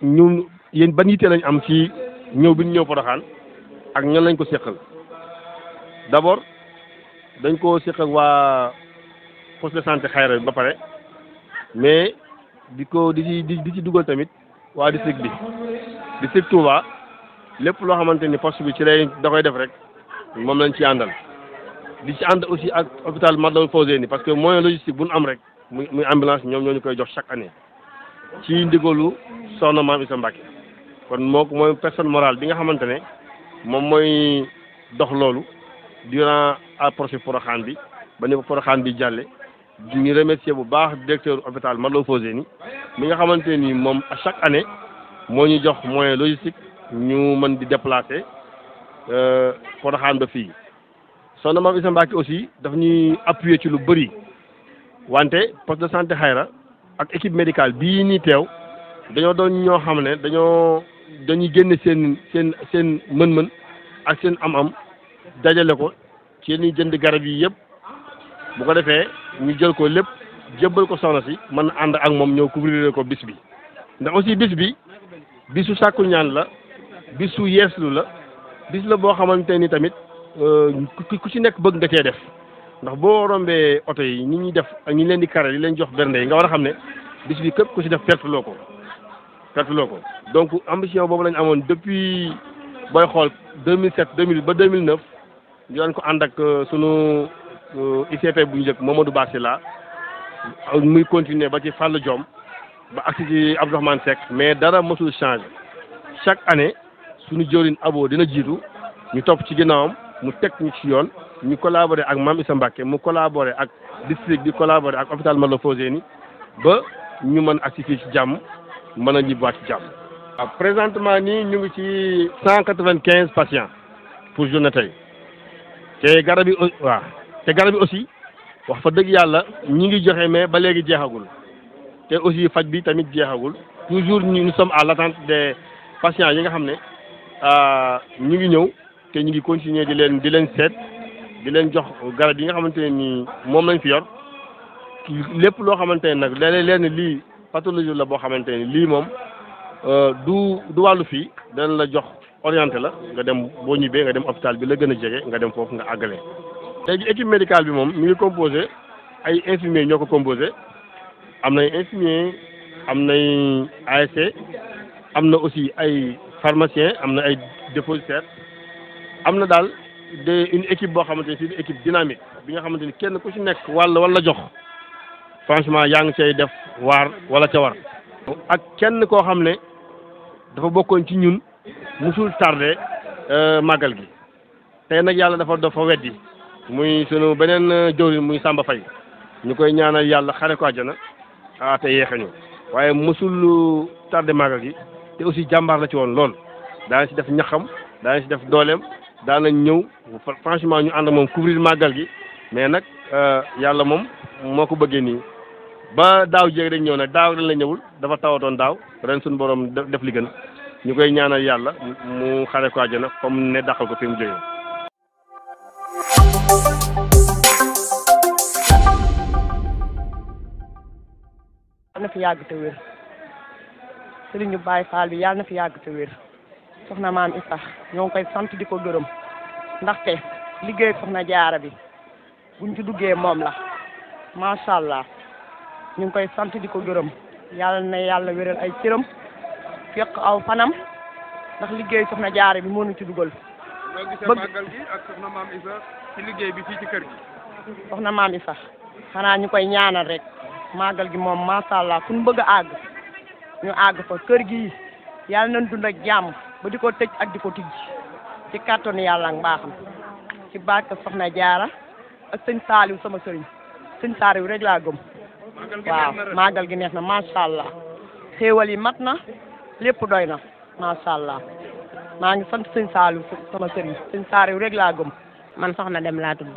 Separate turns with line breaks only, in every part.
ñun yéen ban yitte lañ am ci ñëw bi ñu ñëw Porokhane ak ñan lañ ko seqal d'abord dañ ko seqal waa poste de santé Xayra bi ba pare mais di ko di ci di di ci dugal tamit waa district bi district Touba lépp loo xamante ni poste bi ci lay da koy def rek moom lañ ci àndal di ci ànd aussi ak hôpital Matlaboul Fawzeyni parce que moyen logistique bu ñu am rek muy muy ñoom ñoo ñu koy jox chaque année. ci ndigalu soxna maam Issa Mbacke kon moo mooy personne morale bi nga xamante ne moom mooy dox loolu durant pour Porokhane bi ba pour Porokhane bi jàlle di ñu remercier bu baax directeur hôpital Matlaboul ni mi nga xamante ni moom a chaque année moo ñu jox moyen logistique ñu man di déplacer euh, Porokhane ba fii soxna maam Issa aussi daf ñuy appuyer ci lu bëri wante poste de santé xayra ak équipe médicale bii nii teew dañoo doon ñoo xam ne dañoo dañuy génne seen seen seen mën-mën ak seen am-am dajale ko ci yéen jënd garab yi yëpp bu ko defee ñu jël ko lépp jébbal ko soxna si mën na ànd ak moom ñëw couvrir ko bis bi. ndax aussi bis bi bisu sàkku ñaan la bisu yeeslu la bis la boo xamante ni tamit euh, ku ci nekk bëgg nga cee def. ndax boo rombee oto yi ñu ñuy def ak ñi leen di kare yi leen jox bernde yi nga war a xam ne bis bi képp ku si def perte ko perte loo ko donc ambition boobu lañ amoon depuis booy xool 2007 2008 ba 2009 ñu daan ko ànd ak euh, sunu euh, ICP bu njëkk Mamadou Bassila muy continuer ba ci Fallou Diom ba agsi ci Abdourahmane Seck mais dara mosul changé chaque année sunu jëwriñ abo dina jiitu ñu topp ci ginnaawam mu teg ñu ci yoon ñu collaboré ak Mame Issa Mbacké mu collaboré ak district bi collaboré ak hôpital Matlaboul Fawzeyni ba ñu mën agsi fii ci jàmm mën a ñibbaat ci jàmm. présentement nii ñu ngi ci cent quatre-vingt-quinze patients pour journée tey te garab yi waaw te garab yi aussi wax fa dëgg yàlla ñi ngi joxe mais ba léegi jeexagul te aussi faj bi tamit jeexagul toujours ñu nous sommes à l'attente des patients yi nga xam ne euh, ñu ngi ñëw te ñu ngi continuer di leen di leen seet. di leen jox garab yi nga xamante ne nii moom lañ fi yor lépp loo xamante ne nag da leen lii pathologie la boo xamante ne lii moom euh, du du wàllu fii dana la jox oriente la nga dem boo ñibbee nga dem hôpital bi la gën a jege nga dem foofu nga àggale. léegi équipe médicale bi moom mi ngi composé ay infirmiers ñoo ko composé am na infirmiers am na ASC am na aussi ay pharmaciens am na ay dépositaires am na daal. de une équipe boo xamante ne c'est équipe dynamique bi nga xamante ni kenn ku ci nekk wàll wala jox franchement yaa ngi cay def waar walla ca war. ak kenn koo xam ne dafa bokkoon ci ñun musul tardé euh, màggal gi tey nag yàlla dafa dafa weddi muy sunu beneen euh, jëwriñ muy sàmba Faye ñu koy ñaanal yàlla xare ko àjjana ah te yeexañu waaye musul tarde màggal gi te aussi jàmbaar la ci woon lool daana ci def ñaxam daana ci def dooleem. daanañ ñëw franchement ñu ànd moom couvrir màggal gi mais nag euh, yàlla moom moo ko bëggee nii ba daaw jéeg dañ ñëw nag daaw ren la ñëwul dafa tawatoon daaw ren suñu borom def li ñu koy ñaanal yàlla mu xare ko àjjana comme ne daxal ko fi mu jógee yàlla
na fi yàgg te wér soxna maam Isa ñoo ngi koy sant di ko gërëm ndaxte liggéey soxna jaara bi buñ ci duggee moom la macha allah ñu koy sant di ko gërëm na yàlla wéral ay cëram fekk aw fanam ndax liggéey soxna jaara bi moo ñu ci duggal
bëgg màggal gi ak soxna maam Isa ci liggéey bi fii ci kër gi.
soxna maam Isa xanaa ñu koy ñaanal rek màggal gi moom macha allah fu ñu bëgg a àgg ñu àgg fa kër gi yàlla nañ dund ak jàmm. ba di ko tëj ak di ko tijji ci kàttanu yàlla ak mbaaxam ci barke Soxna Jaara ak sëñ Saaliw sama sëriñ sëñ Saaliw rek laa gëm waaw màggal gi neex na macha allah yi mat na lépp doy na macha allah maa ngi sant sëñ Saaliw sama sëriñ sëñ Saaliw rek
laa gëm man na Dem laa tudd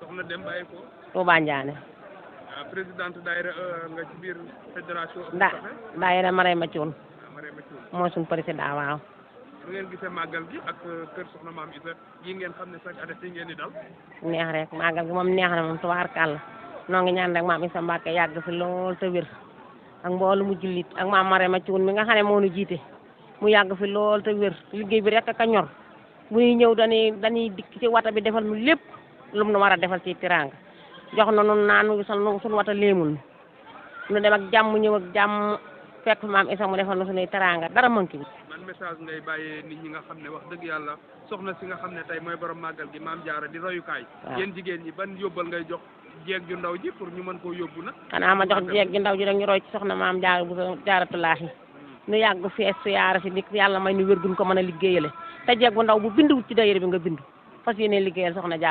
Soxna Dem bàyyi ko Touba Ndiané ah, présidente daayira euh, nga ci ah, waaw. lu ngeen gisee màggal gi ak kër soxna maam Isa yi ngeen xam ne chaque année ngeen di dal.
neex rek màggal gi moom neex na moom tubaarkàlla noo ngi ñaan rek maam Isa Mbàkke yàgg fi lool te wér ak mboolu mu jullit ak maam Marema Cuun mi nga xam ne moo nu jiite mu yàgg fi lool te wér liggéey bi rek ka ñor bu ñuy ñëw dañuy dañuy dikk ci wata bi defal mu lépp lu mu nu war defal ci tiraanga jox na nun naan nu sunu wata léemul nu dem ak jàmm ñëw ak jàmm. fekk maam isa mu defal na suñuy teraanga dara manqué bi
man message ngay bàyyee nit ñi nga xam ne wax dëgg yàlla soxna si nga xam ne tey mooy borom màggal gi maam jaara di royukaay yéen jigéen ñi ban yóbbal ngay jox jeeg ju ndaw ji pour ñu mën koo yóbbu nag xanaa ma jox jeeg ju
ndaw ji rek ñu roy soxna maam jaara hmm. nu yàgg fees su yaara si ndik yàlla may nu wér guñ ko mën a liggéeyale te jeeg bu ndaw bu binduwut ci daayira bi nga bindu fas